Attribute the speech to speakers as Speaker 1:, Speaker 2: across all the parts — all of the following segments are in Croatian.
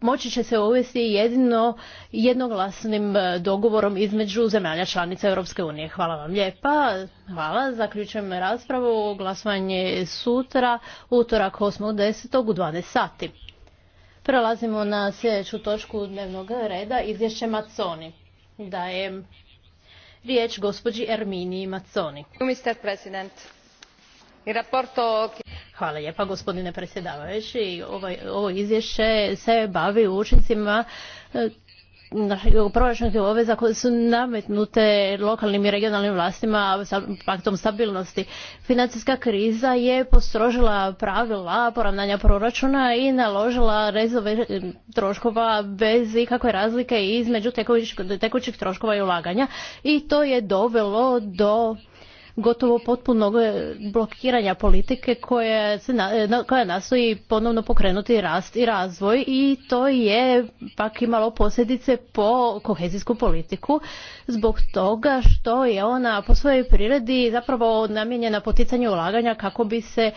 Speaker 1: moći će se uvesti jedino jednoglasnim e, dogovorom između zemalja članica Europske unije. Hvala vam lijepa. Hvala. Zaključujem raspravu. Glasovanje sutra, utorak 8.10. u 12 sati. Prelazimo na sljedeću točku dnevnog reda, izvješće Maconi. Dajem riječ gospođi Erminiji Maconi. Mr. President, il Hvala lijepa gospodine predsjedavajući. Ovo, izvješće se bavi učincima eh, proračunskih obveza koje su nametnute lokalnim i regionalnim vlastima paktom stabilnosti. Financijska kriza je postrožila pravila poravnanja proračuna i naložila rezove eh, troškova bez ikakve razlike između tekućih troškova i ulaganja i to je dovelo do gotovo potpunog blokiranja politike e, koja, se nastoji ponovno pokrenuti rast i razvoj i to je pak imalo posljedice po kohezijsku politiku zbog toga što je ona po svojoj priredi zapravo namijenjena poticanju ulaganja kako bi se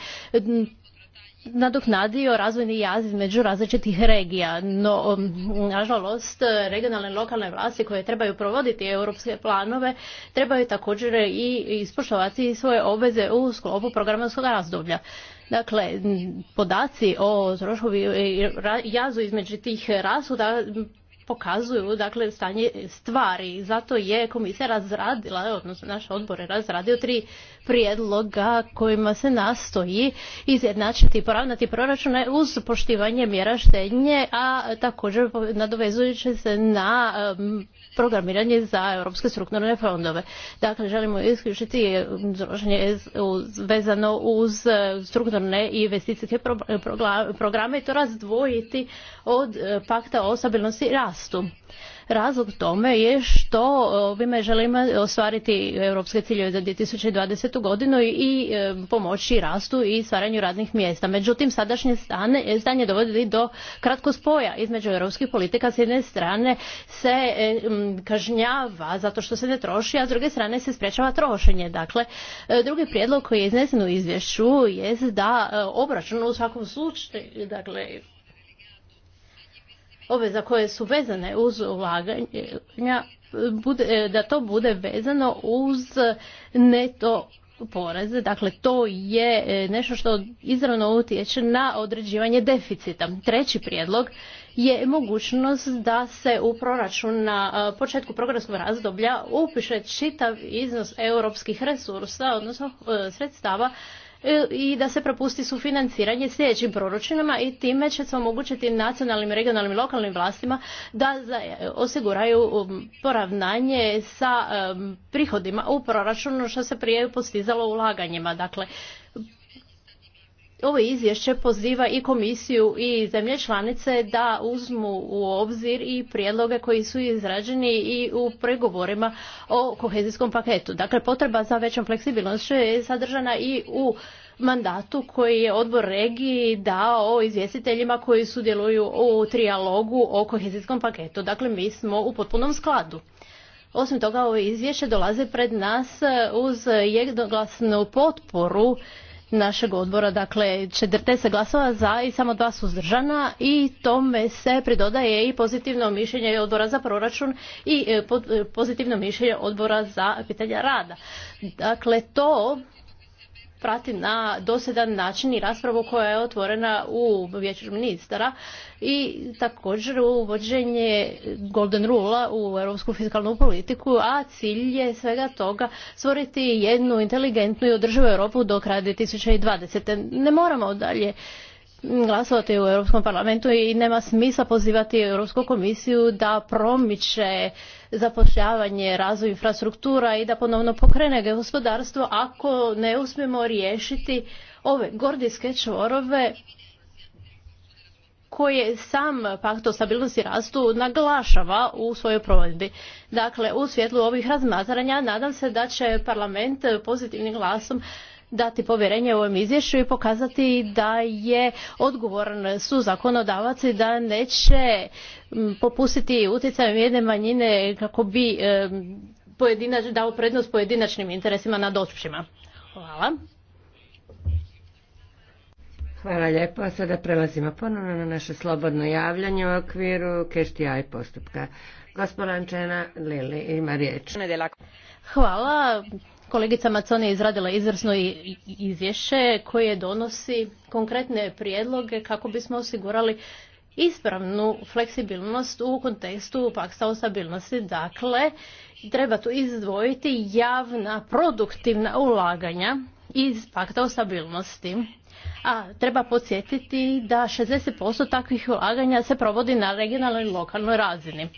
Speaker 1: nadoknadio razvojni jaz između različitih regija. No, um, nažalost, regionalne lokalne vlasti koje trebaju provoditi europske planove trebaju također i ispoštovati svoje obveze u sklopu programskog razdoblja. Dakle, podaci o troškovi jazu između tih rasuda pokazuju dakle stanje stvari. Zato je komisija razradila, odnosno naš odbor je razradio tri prijedloga kojima se nastoji izjednačiti i poravnati proračune uz poštivanje mjera štednje, a također nadovezujući se na programiranje za europske strukturne fondove. Dakle, želimo isključiti zrošenje vezano uz e, strukturne i investicijske programe i to razdvojiti od e, pakta o stabilnosti i rastu. Razlog tome je što ovime želimo ostvariti europske ciljeve za 2020. godinu i e, pomoći rastu i stvaranju radnih mjesta. Međutim, sadašnje stanje, dovodi do kratkog spoja između europskih politika. S jedne strane se e, kažnjava zato što se ne troši, a s druge strane se sprečava trošenje. Dakle, e, drugi prijedlog koji je iznesen u izvješću je da obračun u svakom slučaju, dakle, obveza koje su vezane uz ulaganja, e, da to bude vezano uz neto poreze. Dakle, to je e, nešto što izravno utječe na određivanje deficita. Treći prijedlog je mogućnost da se u proračun na e, početku programskog razdoblja upiše čitav iznos europskih resursa, odnosno sredstava E, i da se propusti sufinanciranje sljedećim proračunima i time će se omogućiti nacionalnim, regionalnim i lokalnim vlastima da e, osiguraju um, poravnanje sa um, prihodima u proračunu što se prije postizalo ulaganjima. Dakle, ovo izvješće poziva i komisiju i zemlje članice da uzmu u obzir i prijedloge koji su izrađeni i u pregovorima o kohezijskom paketu. Dakle, potreba za većom fleksibilnošću je sadržana i u mandatu koji je odbor regiji dao izvjestiteljima koji sudjeluju u trijalogu o kohezijskom paketu. Dakle, mi smo u potpunom skladu. Osim toga, ovo izvješće dolaze pred nas uz jednoglasnu potporu našeg odbora, dakle 40 glasova za i samo dva suzdržana i tome se pridodaje i pozitivno mišljenje odbora za proračun i e, e, pozitivno mišljenje odbora za pitanja rada. Dakle, to prati na dosedan način i raspravu koja je otvorena u vijeću ministara i također uvođenje golden rule u europsku fiskalnu politiku, a cilj je svega toga stvoriti jednu inteligentnu i održivu Europu do kraja 2020. Ne moramo dalje glasovati u Europskom parlamentu i nema smisla pozivati Europsku komisiju da promiče zapošljavanje, razvoj infrastruktura i da ponovno pokrene gospodarstvo ako ne uspijemo riješiti ove gordijske čvorove koje sam pakt o stabilnosti rastu naglašava u svojoj provedbi. Dakle, u svjetlu ovih razmatranja nadam se da će parlament pozitivnim glasom dati povjerenje ovom izvješću i pokazati da je odgovoran su zakonodavac i da neće popustiti utjecajem jedne manjine kako bi dao prednost pojedinačnim interesima nad općima. Hvala.
Speaker 2: Hvala lijepo. Sada prelazimo ponovno na naše slobodno javljanje u okviru aj postupka. Gospodin Čena Lili ima riječ.
Speaker 1: Hvala. Kolegica Macon je izradila izvrsno izvješće koje donosi konkretne prijedloge kako bismo osigurali ispravnu fleksibilnost u kontekstu pakta o stabilnosti. Dakle, treba tu izdvojiti javna produktivna ulaganja iz pakta o stabilnosti. A treba podsjetiti da 60% takvih ulaganja se provodi na regionalnoj i lokalnoj razini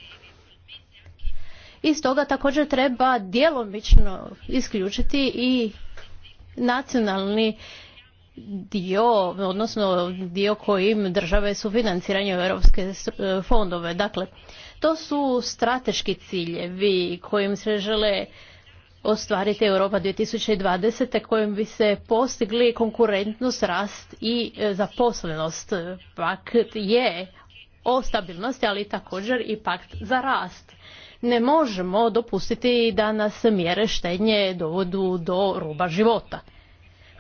Speaker 1: i stoga također treba djelomično isključiti i nacionalni dio, odnosno dio kojim države su financiranje europske e, fondove. Dakle, to su strateški ciljevi kojim se žele ostvariti Europa 2020. kojim bi se postigli konkurentnost, rast i e, zaposlenost. Pakt je o stabilnosti, ali također i pakt za rast ne možemo dopustiti da nas mjere štednje dovodu do ruba života.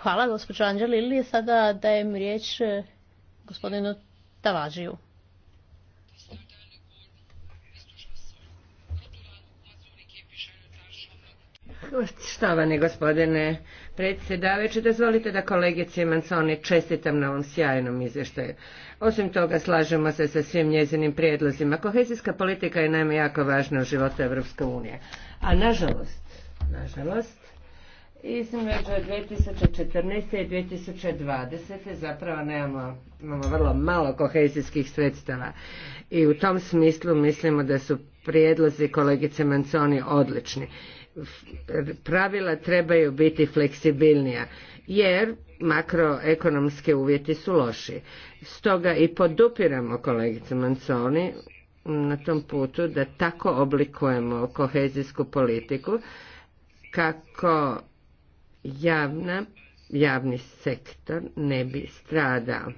Speaker 1: Hvala gospođo ili Sada dajem riječ eh, gospodinu Tavađiju.
Speaker 2: Stavani gospodine predsjedavajući, dozvolite da kolegici Manconi čestitam na ovom sjajnom izvještaju. Osim toga, slažemo se sa svim njezinim prijedlozima. Kohezijska politika je naime jako važna u životu Evropske unije. A nažalost, nažalost, između 2014. i 2020. zapravo nemamo imamo vrlo malo kohezijskih sredstava i u tom smislu mislimo da su prijedlozi kolegice Manconi odlični pravila trebaju biti fleksibilnija jer makroekonomski uvjeti su loši. Stoga i podupiramo kolegice Manconi na tom putu da tako oblikujemo kohezijsku politiku kako javna, javni sektor ne bi stradao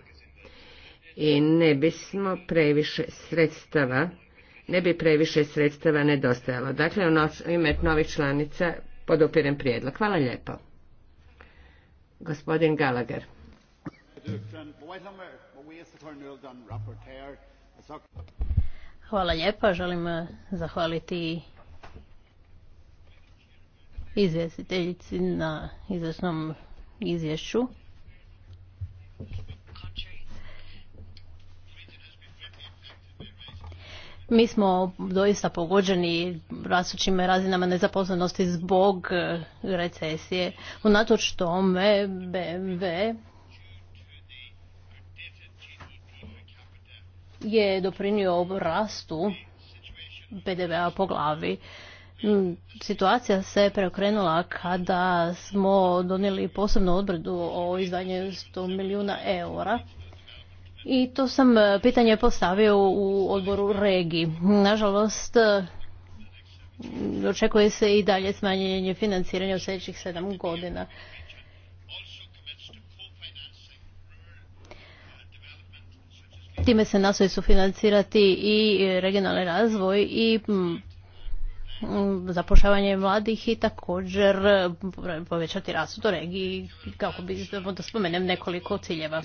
Speaker 2: i ne bismo previše sredstava ne bi previše sredstava nedostajalo. Dakle, u ime novih članica podupirem prijedlog. Hvala lijepo. Gospodin Gallagher.
Speaker 1: Hvala lijepa. Želim eh, zahvaliti izvjestiteljici na izvrsnom izvješću. Mi smo doista pogođeni rastućim razinama nezaposlenosti zbog e, recesije. Unatoč tome BMW je doprinio rastu PDV-a po glavi. Mm, situacija se preokrenula kada smo donijeli posebnu odbredu o izdanju 100 milijuna eura i to sam e, pitanje postavio u odboru regi. Nažalost, e, očekuje se i dalje smanjenje financiranja u sljedećih sedam godina. Time se nastoji sufinancirati i regionalni razvoj i zapošljavanje mladih i također e, povećati rast u regiji kako bi da spomenem nekoliko ciljeva.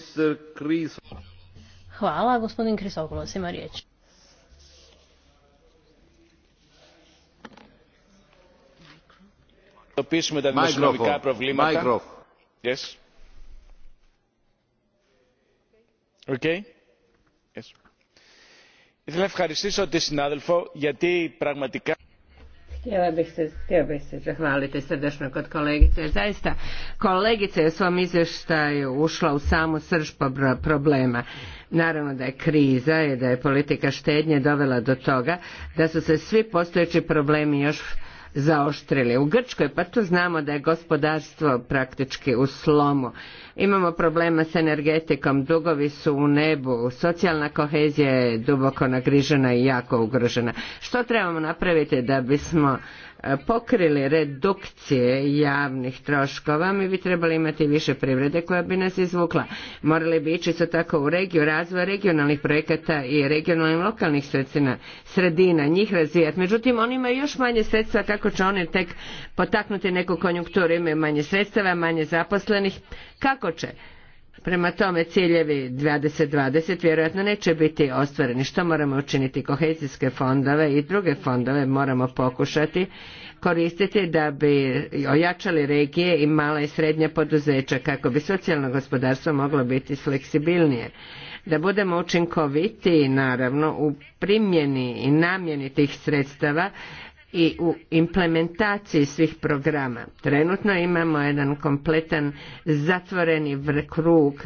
Speaker 1: Hvala. Gospodin Krisopoulos ima riječ.
Speaker 3: εντοπίσουμε τα δημοσιονομικά προβλήματα. Micro. Yes. Okay. Yes. Ήθελα να ευχαριστήσω τη συνάδελφο γιατί
Speaker 2: Htjela bih se, htjela bih zahvaliti srdečno kod kolegice. zaista kolegica je u svom izvještaju ušla u samu srž problema. Naravno da je kriza i da je politika štednje dovela do toga da su se svi postojeći problemi još zaoštrili. U Grčkoj pa to znamo da je gospodarstvo praktički u slomu. Imamo problema s energetikom, dugovi su u nebu, socijalna kohezija je duboko nagrižena i jako ugrožena. Što trebamo napraviti da bismo E, pokrili redukcije javnih troškova, mi bi trebali imati više privrede koja bi nas izvukla. Morali bi ići isto tako u regiju razvoja regionalnih projekata i regionalnih lokalnih sredina, sredina njih razvijati. Međutim, oni imaju još manje sredstva kako će oni tek potaknuti neku konjunkturu, imaju manje sredstava, manje zaposlenih. Kako će? Prema tome ciljevi 2020 vjerojatno neće biti ostvareni. Što moramo učiniti? Kohezijske fondove i druge fondove moramo pokušati koristiti da bi ojačali regije i mala i srednja poduzeća kako bi socijalno gospodarstvo moglo biti fleksibilnije. Da budemo učinkoviti, naravno u primjeni i namjeni tih sredstava i u implementaciji svih programa. Trenutno imamo jedan kompletan zatvoreni krug,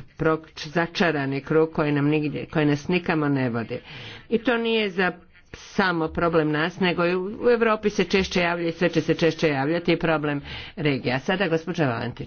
Speaker 2: začarani krug koji nam nigdje, koji nas nikamo ne vodi. I to nije za samo problem nas, nego i u Europi se češće javlja i sve će se češće javljati i problem regija. Sada gospođa Valentin.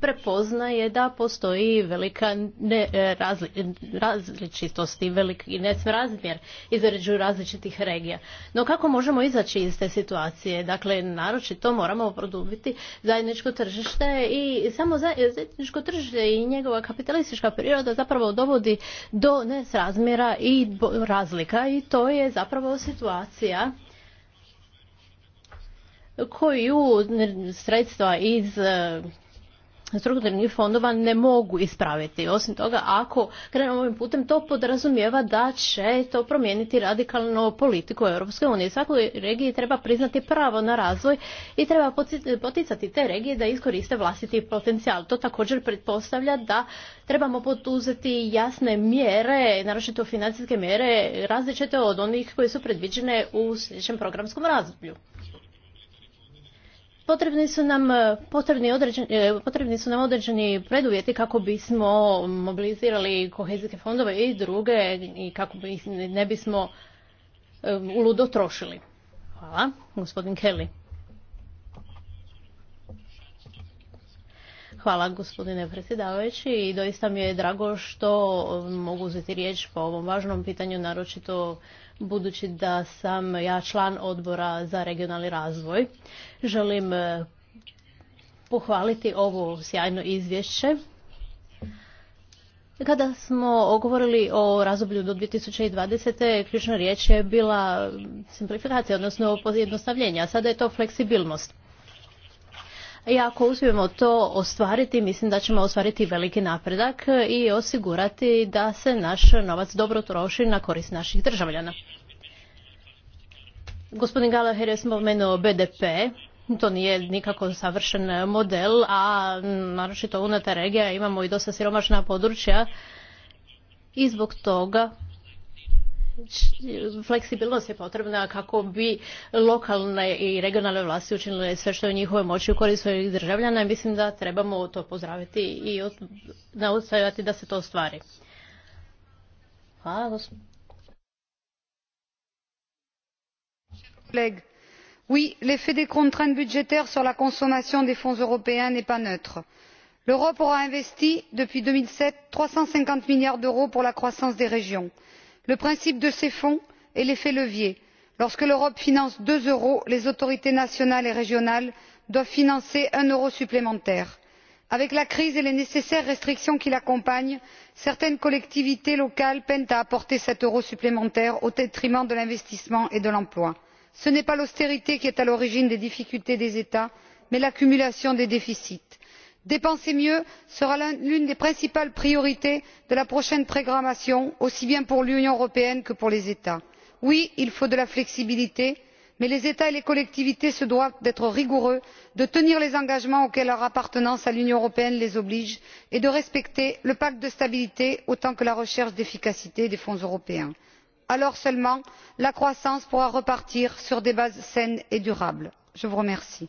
Speaker 1: prepoznaje da postoji velika ne, e, različitost i veliki nesrazmjer između različitih regija. No kako možemo izaći iz te situacije? Dakle, naročito moramo produbiti zajedničko tržište i samo zajedničko tržište i njegova kapitalistička priroda zapravo dovodi do nesrazmjera i razlika i to je zapravo situacija koju sredstva iz strukturnih fondova ne mogu ispraviti. Osim toga, ako krenemo ovim putem, to podrazumijeva da će to promijeniti radikalno politiku Europske unije. Svakoj regiji treba priznati pravo na razvoj i treba poticati te regije da iskoriste vlastiti potencijal. To također pretpostavlja da trebamo poduzeti jasne mjere, naročito financijske mjere, različite od onih koje su predviđene u sljedećem programskom razdoblju. Potrebni su nam e, potrebni, određeni, e, potrebni su nam određeni preduvjeti kako bismo mobilizirali kohezijske fondove i druge i kako bi ne bismo e, uludo trošili. Hvala. Gospodin Kelly. Hvala gospodine predsjedavajući i doista mi je drago što um, mogu uzeti riječ po ovom važnom pitanju, naročito budući da sam ja član odbora za regionalni razvoj. Želim uh, pohvaliti ovo sjajno izvješće. Kada smo govorili o razdoblju do 2020. ključna riječ je bila simplifikacija, odnosno pojednostavljenje, a sada je to fleksibilnost. I ako uspijemo to ostvariti, mislim da ćemo ostvariti veliki napredak i osigurati da se naš novac dobro troši na korist naših državljana. Gospodin Galaher, je spomenuo BDP. To nije nikako savršen model, a naročito unata regija imamo i dosta siromašna područja i zbog toga fleksibilnost je potrebna kako bi lokalne i regionalne vlasti učinile sve što je u njihove moći u korist svojih državljana i mislim da trebamo to pozdraviti i naustajati da se to ostvari.
Speaker 4: Hvala. Oui, l'effet des contraintes budgétaires sur la consommation des fonds européens n'est pas neutre l'europe aura investi depuis 2007 350 milliards d'euros pour la croissance des régions le principe de ces fonds est l'effet levier lorsque l'europe finance deux euros les autorités nationales et régionales doivent financer un euro supplémentaire. avec la crise et les nécessaires restrictions qui l'accompagnent certaines collectivités locales peinent à apporter cet euro supplémentaire au détriment de l'investissement et de l'emploi. ce n'est pas l'austérité qui est à l'origine des difficultés des états mais l'accumulation des déficits dépenser mieux sera l'une des principales priorités de la prochaine programmation aussi bien pour l'union européenne que pour les états. oui il faut de la flexibilité mais les états et les collectivités se doivent d'être rigoureux de tenir les engagements auxquels leur appartenance à l'union européenne les oblige et de respecter le pacte de stabilité autant que la recherche d'efficacité des fonds européens. alors seulement la croissance pourra repartir sur des bases saines et durables. je vous remercie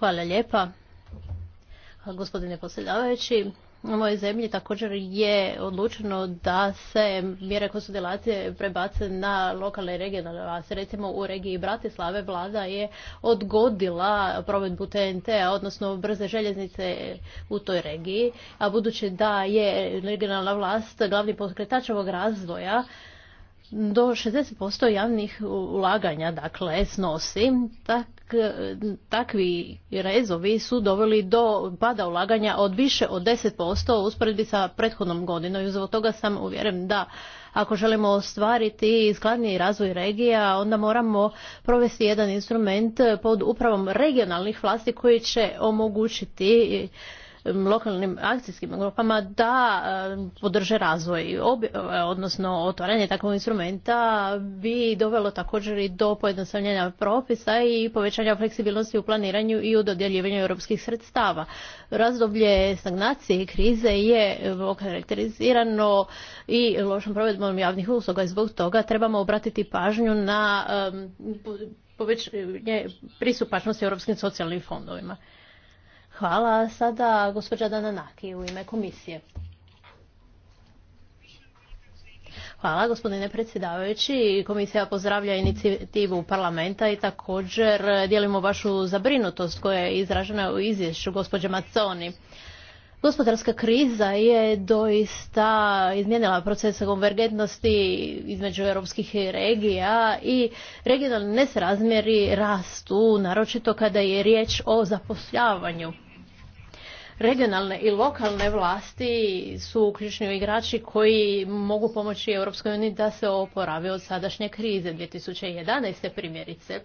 Speaker 1: Hvala lijepa. Gospodine posljedavajući, u mojoj zemlji također je odlučeno da se mjere konsolidacije prebace na lokalne i regionalne vlasti. Recimo u regiji Bratislave vlada je odgodila provedbu tnt odnosno brze željeznice u toj regiji, a budući da je regionalna vlast glavni pokretač ovog razvoja, do 60% javnih ulaganja dakle snosi, tak, takvi rezovi su doveli do pada ulaganja od više od 10% u usporedbi sa prethodnom godinom i zbog toga sam uvjeren da ako želimo ostvariti skladniji razvoj regija, onda moramo provesti jedan instrument pod upravom regionalnih vlasti koji će omogućiti Um, lokalnim akcijskim grupama da um, podrže razvoj, odnosno otvaranje takvog instrumenta bi dovelo također i do pojednostavljenja propisa i povećanja fleksibilnosti u planiranju i u dodjeljivanju europskih sredstava. Razdoblje stagnacije i krize je okarakterizirano i lošom provedbom javnih usluga i zbog toga trebamo obratiti pažnju na um, povećanje pristupačnosti europskim socijalnim fondovima. Hvala. Sada gospođa naki u ime komisije. Hvala gospodine predsjedavajući. Komisija pozdravlja inicijativu parlamenta i također dijelimo vašu zabrinutost koja je izražena u izvješću gospođe Maconi. Gospodarska kriza je doista izmijenila proces konvergentnosti između europskih regija i regionalni nesrazmjeri rastu, naročito kada je riječ o zapošljavanju regionalne i lokalne vlasti su ključni igrači koji mogu pomoći Europskoj uniji da se oporavi od sadašnje krize 2011. primjerice.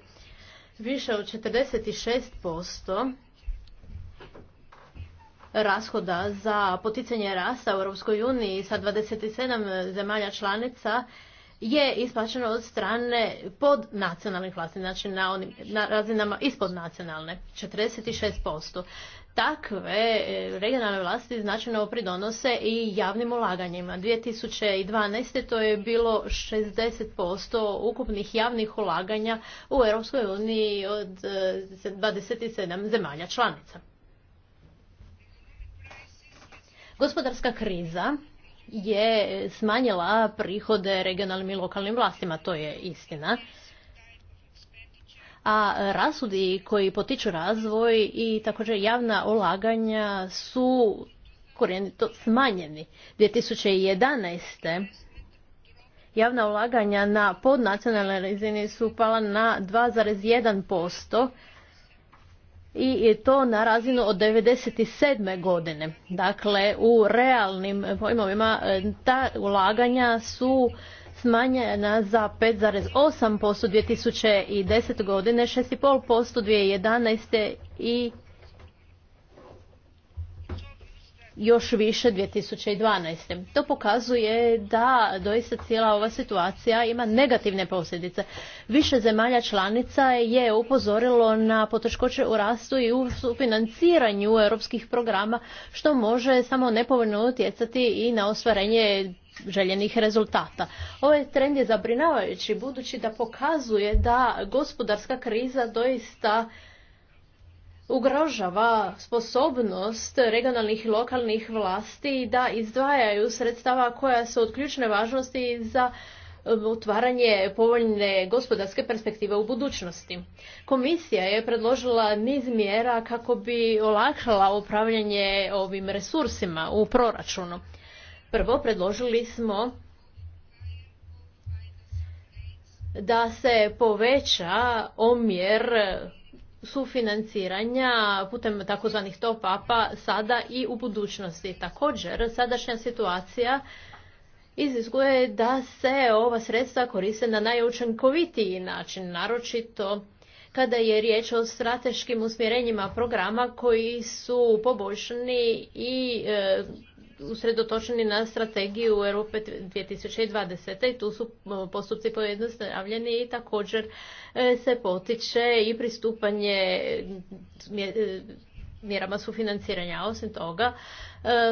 Speaker 1: Više od 46% rashoda za poticanje rasta u Europskoj uniji sa 27 zemalja članica je isplaćeno od strane pod nacionalnih vlasti, znači na, onim, razinama ispod nacionalne, 46%. Takve e, regionalne vlasti značajno pridonose i javnim ulaganjima. 2012. to je bilo 60% ukupnih javnih ulaganja u Europskoj uniji od 27 e, zemalja članica. Gospodarska kriza je smanjila prihode regionalnim i lokalnim vlastima, to je istina. A rasudi koji potiču razvoj i također javna ulaganja su korijenito smanjeni. 2011. javna ulaganja na podnacionalnoj razini su pala na 2,1%, i to na razinu od 1997. godine. Dakle, u realnim pojmovima e, ta ulaganja su smanjena za 5,8% 2010. godine, 6,5% 2011. i još više 2012. To pokazuje da doista cijela ova situacija ima negativne posljedice. Više zemalja članica je upozorilo na poteškoće u rastu i u financiranju europskih programa što može samo nepovoljno utjecati i na ostvarenje željenih rezultata. Ovaj trend je zabrinavajući budući da pokazuje da gospodarska kriza doista ugrožava sposobnost regionalnih i lokalnih vlasti da izdvajaju sredstava koja su od ključne važnosti za um, otvaranje povoljne gospodarske perspektive u budućnosti. Komisija je predložila niz mjera kako bi olakšala upravljanje ovim resursima u proračunu. Prvo predložili smo da se poveća omjer sufinanciranja putem takozvanih top-upa sada i u budućnosti. Također, sadašnja situacija iziskuje da se ova sredstva koriste na najučinkovitiji način, naročito kada je riječ o strateškim usmjerenjima programa koji su poboljšani i e, usredotočeni na strategiju Europe 2020. i tu su e, postupci pojednostavljeni i također e, se potiče i pristupanje e, mjerama sufinanciranja. Osim toga,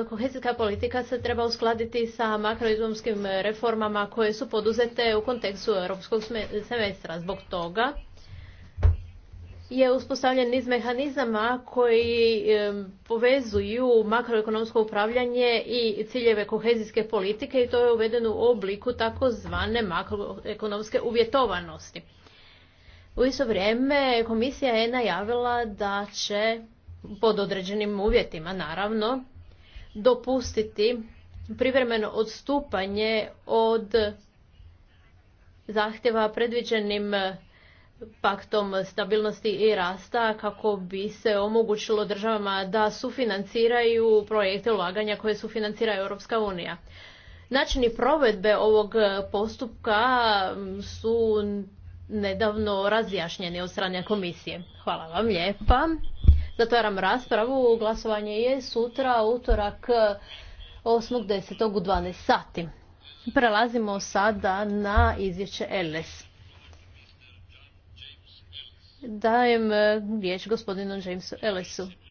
Speaker 1: kohezijska politika se treba uskladiti sa makroizomskim reformama koje su poduzete u kontekstu europskog semestra. Zbog toga je uspostavljen niz mehanizama koji povezuju makroekonomsko upravljanje i ciljeve kohezijske politike i to je uvedeno u obliku takozvane makroekonomske uvjetovanosti. U isto vrijeme komisija je najavila da će pod određenim uvjetima naravno dopustiti privremeno odstupanje od zahtjeva predviđenim paktom stabilnosti i rasta kako bi se omogućilo državama da sufinanciraju projekte ulaganja koje sufinancira Europska unija. Načini provedbe ovog postupka su nedavno razjašnjeni od strane komisije. Hvala vam lijepa. Zatvaram raspravu. Glasovanje je sutra, utorak 8.10. u 12 sati. Prelazimo sada na izvješće LSP. Dajem eh, riječ gospodinu Jamesu Ellisu.